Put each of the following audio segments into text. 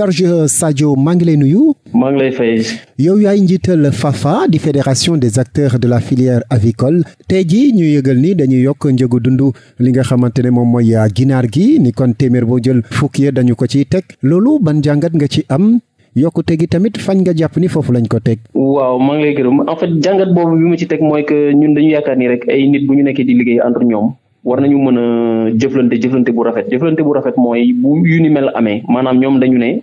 Georges sajo maa ngi lay nuyu. maa ngi lay fay. yow yaay njiital FAFA di fédération des acteurs de la filière avicole tey jii ñu yëgal ni dañuy yokk njëgu dund li nga xamante ne moom mooy ginaar gi ni kon téeméer boo jël fukki ya dañu ko ci teg loolu ban jàngat nga ci am. yokkute gi tamit fañ nga jàpp ni foofu lañ ko teg. waaw maa ngi lay gërëm en jàngat boobu bi mu ci teg mooy que ñun dañu yaakaar ni rek ay nit bu ñu nekkee di liggéey entre ñoom war nañu mën a jëflante jëflante bu rafet jëflante bu rafet mooy bu yu ni amee maanaam ñoom dañu ne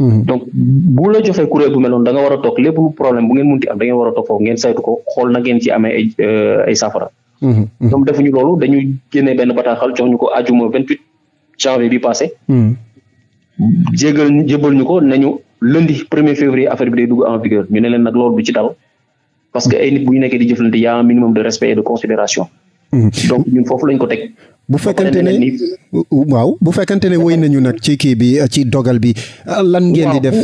Mhm. donc bu la joxee kuréel bu melo noonu da nga war a toog lépp problème bu ngeen munti am da ngeen war a toog foofu ngeen saytu ko xool na ngeen ci euh, mhm. Mhm. loolu dañu génnee benn bataaxal jox ñu ko ajuma vingt huit janvier bi passé. jégal jébal ñu ko nañu lundi premier février affaire bi day dugg en ne leen nag loolu du ci dal parce que ay nit bu ñu nekkee di jëflante y a un ñun foofu lañ ko teg. bu fekkente ne waaw bu fekkente ne wéy nañu nag ci kii bi ci dogal bi lan ngeen di def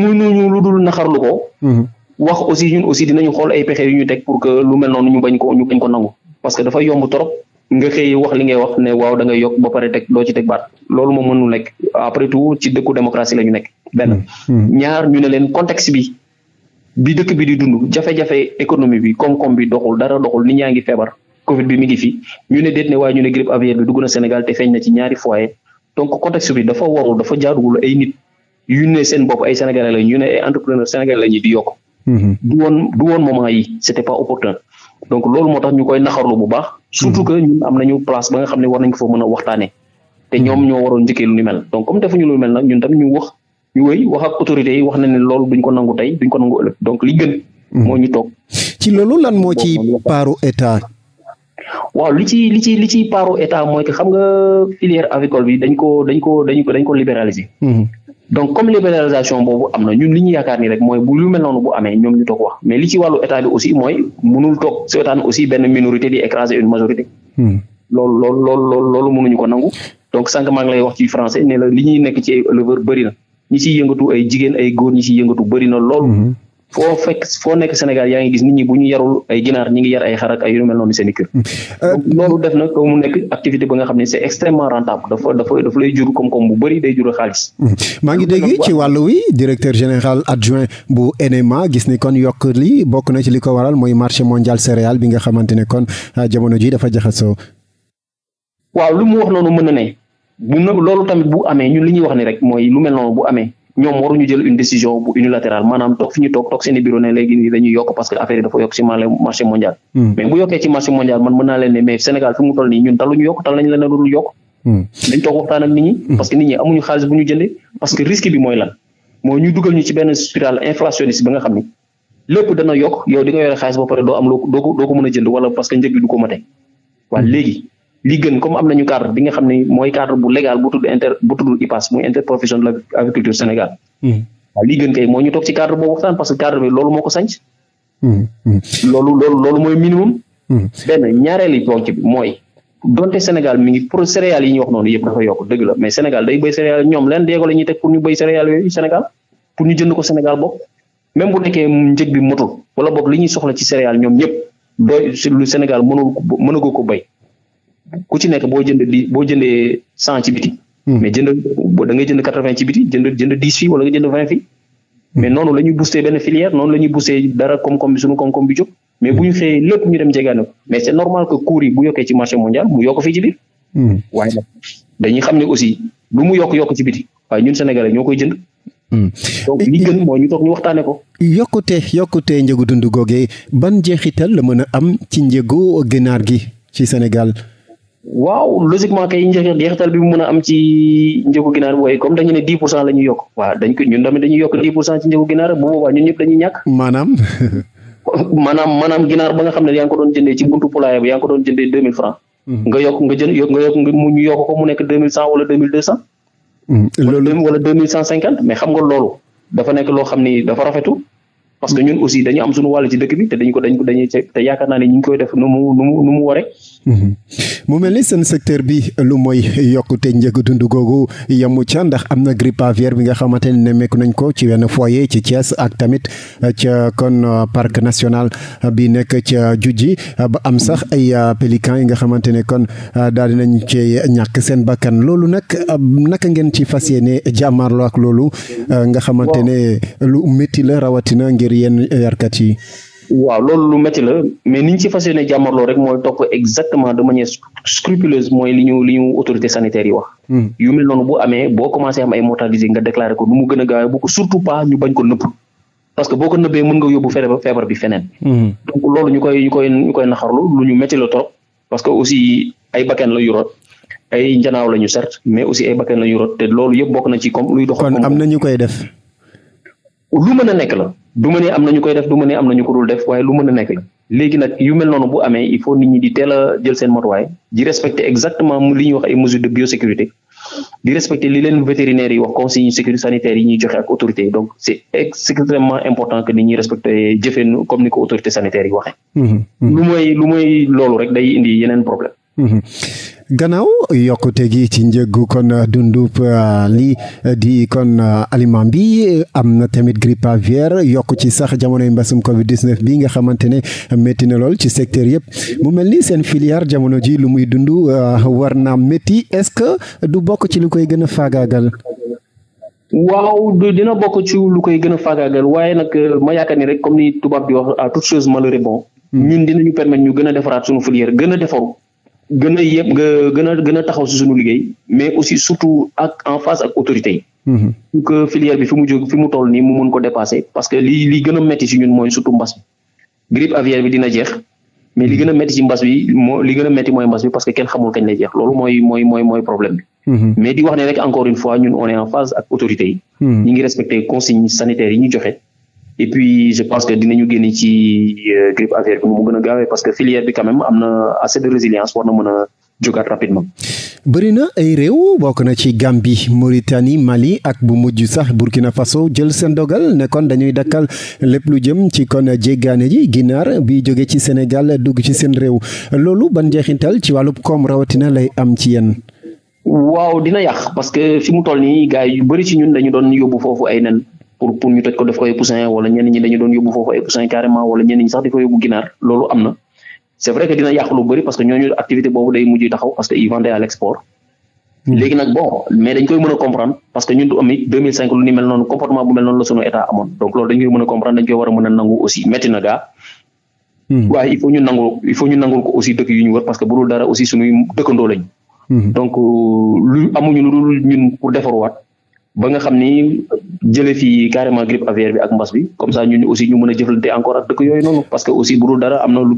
mënuñu lu dul naxarlu ko mhm. wax aussi ñun aussi dinañu xool ay pexe yu ñu teg pour que lu mel noonu ñu bañ ko ñu bañ ko nangu parce que dafa yomb trop nga xëy wax li ngay wax ne waaw da yokk ba pare teg doo ci teg baat loolu moom mënul nekk après tout ci dëkku démocratie la ñu nekk benn mhm. Mhm. ñaar ñu ne leen contexte bi bi dëkk bi di dund jafe-jafe économie bi koom-koom bi doxul dara doxul nit ñaa ngi feebar Covid bi mi ngi fi ñu ne déet ne waaye ñu ne grippe aviaire bi dugg na Sénégal te feeñ na ci ñaari foyer donc contexte bi dafa warul dafa jaaduwul ay nit yu ne seen bopp ay sénégalais la ñu ne ay entrepreneur sénégalais la ñu di yokk. Mhm. du woon du woon moment yi pas opportun donc loolu moo tax ñu koy naxarlu bu baax. surtout mhm. que ñun am nañu ba nga xam ne war nañ ko mën a waxtaanee. te ñoom mhm. ñoo waroon njëkkee lu ni mel donc comme defuñu lu mel nag ñun tamit ñu wax ñu wéy wax ak yi wax na ne loolu duñ ko nangu tey duñ ko nangu ëllëg donc li gën. moo ñu toog. ci loolu lan moo ci paaru état waaw li ci li ci état mooy que xam nga filière avicole bi dañ ko dañ ko dañ ko dañ ko libéraliser. Mhm. donc comme libéralisation boobu am na ñun li ñu yaakaar ni rek mooy bu lu mel noonu bu amee ñoom ñu toog wax mais li ci wàllu état bi aussi mooy mënul toog seetaan aussi benn minorité di écraser une majorité. Mhm. loolu loolu loolu loolu ko nangu. donc sànq maa ngi lay wax ci français ne la li nekk ci ay éleveurs bëri na ñi ciy yëngatu ay jigéen ay góor ñi ciy yëngatu bëri na lool. Mhm. foo fekk foo nekk Sénégal yaa ngi gis nit ñi bu ñu yarul ay ginaar ñi ngi yar ay xarak ay yu mel noonu seen i kër. Hmm. Euh, loolu def na ko mu nekk activité ba nga xam ne c'est extrêmement rentable dafa dafa dafa lay jur koom-koom bu bëri day jur xaalis. Hmm. maa ngi dégg ci wàllu wi directeur général adjoint bu NMA gis ni kon yokk li bokk na ci li ko waral mooy marché mondial céréales bi nga xamante ne kon ah, jamono ji dafa jaxasoo. waaw lu mu wax noonu mën na ne bu loolu tamit bu amee ñun li ñuy wax ni rek mooy lu mel noonu bu amee. ñoom waruñu jël une décision bu unilatérale maanaam toog fi ñu toog toog seen i bureau ne léegi nii dañuy yokk parce que affaire yi dafa yokk ci marché mondial hmm. mais bu yokkee yokk a dul yokk dañ hmm. toog waxtaan ak nit ñi hmm. parce que nit ñi amuñu xaalis bu ñu jëndee parce que risque bi mooy lan mooy ñu dugal ñu ci benn spirale inflationniste bi nga xam ni lépp dana yokk yow di nga xaalis ba pare doo am loo doo mën a jënd wala parce que njëg bi du ko mate waa léegi li gën comme am nañu cadre bi nga xam ne mooy cadre bu légal bu tudd inter bu tudd IPAS muy interprofession de l'agriculture Sénégal. Hmm. li gën kay moo ñu toog ci cadre boo waxtaan parce que cadre bi loolu moo ko sañ. Hmm. Hmm. loolu loolu loolu mooy minimum. benn ñaareeli ponk bi mooy. donte Sénégal mi ngi pour céréales yi ñu wax noonu yëpp fa yokk dëgg la mais Sénégal day béy céréales ñoom leen déggoo la ñuy teg pour ñu béy céréales yooyu Sénégal pour ñu jënd ko Sénégal bokk même bu nekkee njëg bi motul wala boog li ñuy soxla ci céréales ñoom ñëpp doy lu Sénégal mënul mënagoo ko béy ku ci nekk boo jënd di boo jëndee cent ci biti hmm. mais jënd boo da ngay jënd quatre vingt ci biti jënd jënd dix fii wala nga jënd vingt fii hmm. mais noonu la ñuy booster benn filière noonu la ñuy booster dara koom-koom bi suñu koom-koom bi jóg mais bu ñu xëyee lépp ñu dem jegaane ko mais c'est normal que cours yi bu yokkee ci marché mondial mu yokk fii ci biir hmm. dañuy xam ne aussi lu mu yokk yokk ci biti waaye ñun sénégalais ñoo koy jënd donc li gën mooy ñu toog ñu waxtaane ko yokkute yokkute njëgu dund googee ban jeexital la mën a am ci njëgu ginaar gi ci Sénégal waaw logiquement kay jeexital bi mu mën a am ci njëgu ginaar bi waaye comme dañu ne dix pour cent la ñu yokk waaw dañ ko ñun tamit dañuy yokk maanaam. maanaam maanaam ginaar ba nga xam ne yaa ngi ko doon jëndee ci buntu poulailler bi yaa ngi ko doon jëndee deux mille francs hmm. nga yokk nga jënd nga yokk mu ñu yokk ko mu nekk deux mille cent wala deux mille deux cent. Hmm, loolu wala deux mille cinquante mais xam nga loolu dafa nekk loo xam ni dafa rafetu parce que ñun aussi dañu am sunu wàll ci dëkk bi te dañ ko dañ ko dañuy te yaakaar naa ne ñu ngi koy def nu mu nu mu waree. Mhm. mu mel ni seen secteur bi lu mooy yokkute njëg dund googu yemu ca ndax am na grippe aviaire bi nga xamante ne nemmeeku nañ ko ci wenn foyer ci Thiès ak tamit ca kon euh, parc national euh, bi nekk ca ji euh, ba am sax ay pélicans yi nga xamante ne kon daal dinañ cee ñàkk seen bakkan loolu nag naka ngeen ci fas yéene jàmmaarloo ak loolu nga xamante ne lu métti la rawatina ngir ngir yenn yarkat yi. waaw loolu lu métti la mais ni ci fas yéene jàmmarloo rek mooy topp exactement de manière scrupuleuse mooy li ñu autorité sanitaire yi wax. Hmm. yu mel noonu bu amee boo commencé am ay mortalité nga déclaré ko nu mu gën a gaawee bu ko surtout pas ñu bañ ko nëpp. parce que boo ko nëbbee mën nga yóbbu feebar bi feneen. Hmm. donc loolu ñu koy naxarlu lu ñu métti la trop parce que aussi ay bakkan la yu ay njanaaw la ñu mais aussi a du ma ne ñu koy def du ma ne am na ñu ko dul def waaye lu mën a nekk la léegi nag yu mel noonu bu amee il faut nit ñi di teel a jël seen motuwaay di respecter exactement li ñuy wax ay mesures de biosécurité di respecter li leen vétérinaires yi wax consignes sécurité sanitaire yi ñuy joxe ak autorités yi donc c'est extrêmement important que nit ñi respecter jëfeen comme ni ko autorité sanitaire yi waxee. Mm-hmm. Mm-hmm. lu mooy lu mooy loolu rek day indi yeneen problème. Mm-hmm. gannaaw yokkute gi ci njëggu kon dundub euh, lii di kon euh, aliment bi euh, am na tamit grippe aviaire yokk ci sax jamonoy mbasum Covid 19 bi nga xamante ne métti na lool ci secteur yëpp mu mel ni seen filière jamono ji lu muy dund war naa métti est-ce que du bokk ci lu koy gën a faagaagal. waaw dina bokk ci lu koy gën a faagaagal waaye nag ma yaakaar ni rek comme ni tubaab di wax à toute chose malheur est bon. Hmm. ñun dinañu permettre ñu gën a defaraat suñu filière gën a defaru. gën a yëpp gën a gën a taxaw si suñu liggéey mais aussi surtout ak en face ak autorités yi. Mm-hmm. pour que filière bi fi jóg fi toll nii mu mun ko dépasser parce que li li gën a métti si ñun mooy surtout mbas bi grippe aviaire bi dina jeex mais li gën a si mbas bi li gën a mooy mbas bi parce que kenn xamul kañ lay jeex loolu mooy mooy problème bi. Mm-hmm. mais di wax rek encore une fois ñun on est en phase ak autorités yi. Mm-hmm. ñu ngi respecter consignes sanitaires yi ñu joxe. et puis je pense que dinañu génn ci euh, grippe aviaire bi mu gën a gaawee parce que filière bi quand même am na assez de résilience war na jógaat rapidement. bëri ay réew bokk na ci Gambie Mauritanie Mali ak bu mujj sax Burkina Faso jël seen dogal ne kon dañuy dakkal lépp lu jëm ci kon jéggaane ji ginaar bi jóge ci Sénégal dugg ci seen réew loolu ban njeexintal ci wàllub koom rawatina lay am ci yenn waaw dina yàq parce que fi toll nii gars yu bëri ci pour ñu toj ko def ko ay poussin wala ñenn ñi dañu doon yóbbu foofu ay poussin carrément wala ñenn ñi sax di ko yóbbu ginaar loolu am na c'est vrai que dina yàq lu parce que ñooñu activité boobu day mujj taxaw parce que ils vendaient à l'export hmm. léegi nag bon mais dañ koy mën a comprendre parce que ñun du amit 2005 lu ni mel noonu comportement bu mel noonu la sunu état amoon donc loolu dañ koy mën a comprendre dañ koy war mën a nangu aussi métti na gaa hmm. ba nga xam ni jëlee fi carrément grippe aviaire bi ak mbas bi comme ça ñun aussi ñu mën a jëflante encore ak dëkk yooyu noonu parce que aussi bu dul dara am na hmm,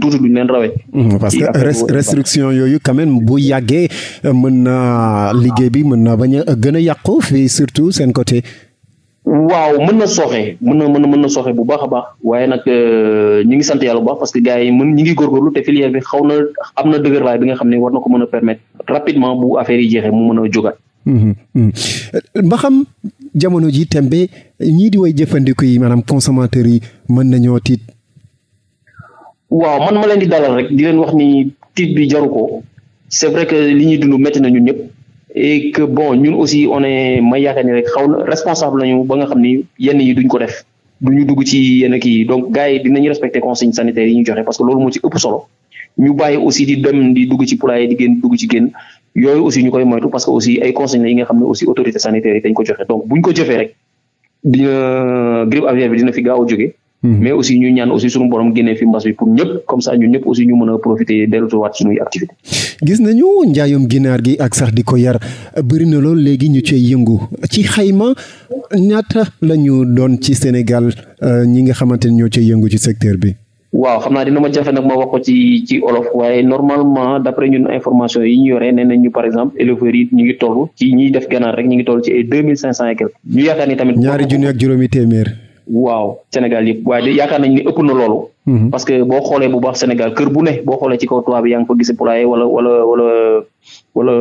yooyu quand même bu yàggee na liggéey bi mën na bañ a gën a yàqu fii surtout seen côté. waaw mën na sooxe mën na mën mën na sooxe bu baax a baax waaye nag euh, ñu ngi sant yàlla bu baax parce que gars yi mën ñu ngi góorgóorlu te filière bi xaw na am na dëgërlaay bi nga xam ne war na ko mën a permettre rapidement bu affaire yi jeexee mu mën a jógaat. Mm-hmm. Mm-hmm. Mm-hmm. Eh, ba xam jamono ji tembe ñii di way jëfandiku yi maanaam consommateurs yi mën nañoo tiit. waaw man ma leen di dalal rek di leen wax ni tiit bi jaru ko c'est vrai que li ñuy dund métti nañu ñun ñëpp et que bon ñun aussi on est ma yaakaar ni rek xaw na responsable lañu ba nga xam ni yenn yi duñ ko def duñu dugg ci yenn kii donc gars yi dinañu respecter consignes sanitaires yi ñu joxe parce que loolu moo ci ëpp solo ñu bàyyi aussi di dem di dugg ci poulailler di génn dugg ci génn yooyu aussi ñu koy moytu parce que aussi ay conseils yi nga xam ne aussi autorité sanitaire yi dañ ko joxe donc buñ ko joxee rek dina grippe aviaire bi dina fi gaaw a jóge mhm. mais aussi ñu ñaan aussi suñu borom génnee fi mbas bi pour ñëpp comme ça ñun ñëpp aussi ñu mën a profiter dellusiwaat suñuy activité gis nañu njaayum ginaar gi ak sax di ko yar bëri na lool léegi ñu cee yëngu ci xayma ñaata la ñu doon ci Sénégal euh, ñi nga xamante ni ñoo cee yëngu ci secteur bi waaw xam naa dina ma jafe nag ma wax ko ci ci olof waaye normalement d'après ñun information yi ñu yore nee nañ ñu par exemple éleveurs yi ñu ngi toll ci ñiy def ganaar rek ñu ngi toll ci ay deux mille cinq cent et quelque ñu yaakaar ni tamit. ñaari junni ak juróomi téeméer. waaw Sénégal yëpp waaye yaakaar nañ ni ëpp na loolu. Mhm. parce que boo xoole bu baax Sénégal kër bu ne boo xoolee ci kaw toit bi yaa ngi fa gis wala wala wala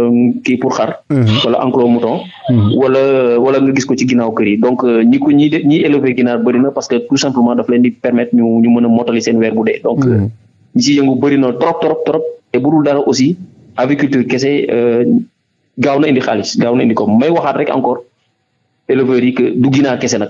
kii pour xar. Mhm. wala enclos mouton. Mhm. wala wala nga gis ko ci ginnaaw kër yi donc euh, ñi ko ñi ñiy élever ginaar bëri na parce que tout simplement daf le di permettre ñu ñu mën a mottali seen weer bu dee. donc euh, ñi ci yëngu bëri na trop trop trop te bu dul dara aussi aviculture kese euh, gaaw na indi xaalis gaaw na indi ko may waxaat rek encore éleveurs yi que du ginaar kese nag.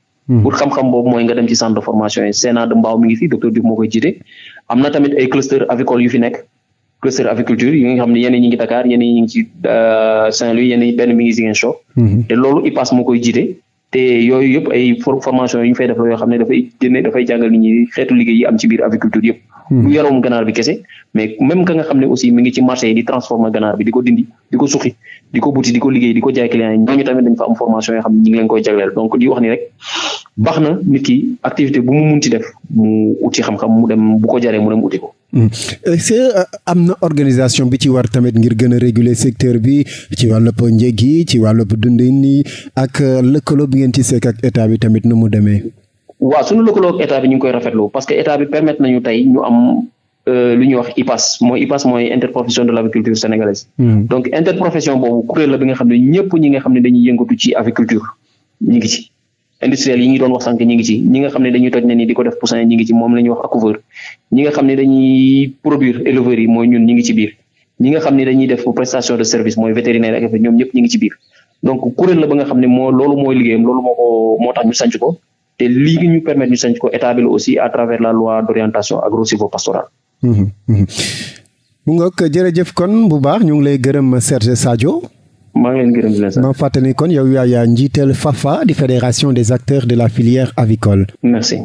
Hmm. pour xam-xam boobu mooy nga dem ci centre de formation yi CNA de Mbao mi ngi fi docteur Diouf moo koy jiite am na tamit ay cluster avicole yu fi nekk cluster aviculture yi nga xam ne yenn ñi ngi Dakar yenn ñi ngi euh, benn mi ngi Ziguinchor hmm. te loolu IPAS moo koy jiite te yooyu yëpp ay formation yu ñu def la yoo xam ne dafay génne dafay jàngal nit ñi xeetu liggéey yi am ci biir aviculture yëpp du hmm. yaroom ganaar bi kese mais même ka nga xam ne aussi mu ngi ci marché yi di transformer ganaar bi di ko dindi di ko suqi di ko buti di ko liggéey di ko jaay client yi ñooñu tamit dañ fa am formation yoo xam di wax ni rek baax na nit ki activité bu mu mun munti def mu uti xam-xam mu dem bu ko jaree mu dem uti ko. Hmm. Euh, am na organisation bi ci war tamit ngir gën a réguler secteur bi ci wàllub njëg yi ci wàllub dundin yi ak euh, lëkkaloo bi ngeen ci seek ak état bi tamit nu mu demee. waaw suñu lëkkaloo ak état bi ñu ngi koy rafetlu parce que état bi permettre nañu tey ñu am euh, lu ñuy wax IPAS mooy IPAS mooy interprofession de l' aviculture sénégalaise. Hmm. donc interprofession boobu kuréel la bi nga xam ne ñëpp ñi nga xam ne dañuy ñu ngi ci. nga xam ne dañuy toj ne ni di ko def poussin ñi ngi ci produire éleveurs mooy ñun ñi ngi ci biir ñi nga xam ne dañuy def prestation de service mooy vétérinaire ak ñoom ñëpp ñi ngi ci biir donc kuréel la ba nga xam ne moo loolu mooy liggéeyam loolu moo ko moo tax ñu sànc ko te lii ñu permettre ñu sañ ko état bi aussi à travers la loi d'orientation agro-sylvo-pastorale. mu ngoog jërëjëf kon bu baax ñu ngi lay gërëm Serge Sadio. maa ngi leen gërëm leen sant. fàttali kon yow yaa njiiteel njiital FAFA di fédération des acteurs de la filière avicole. merci.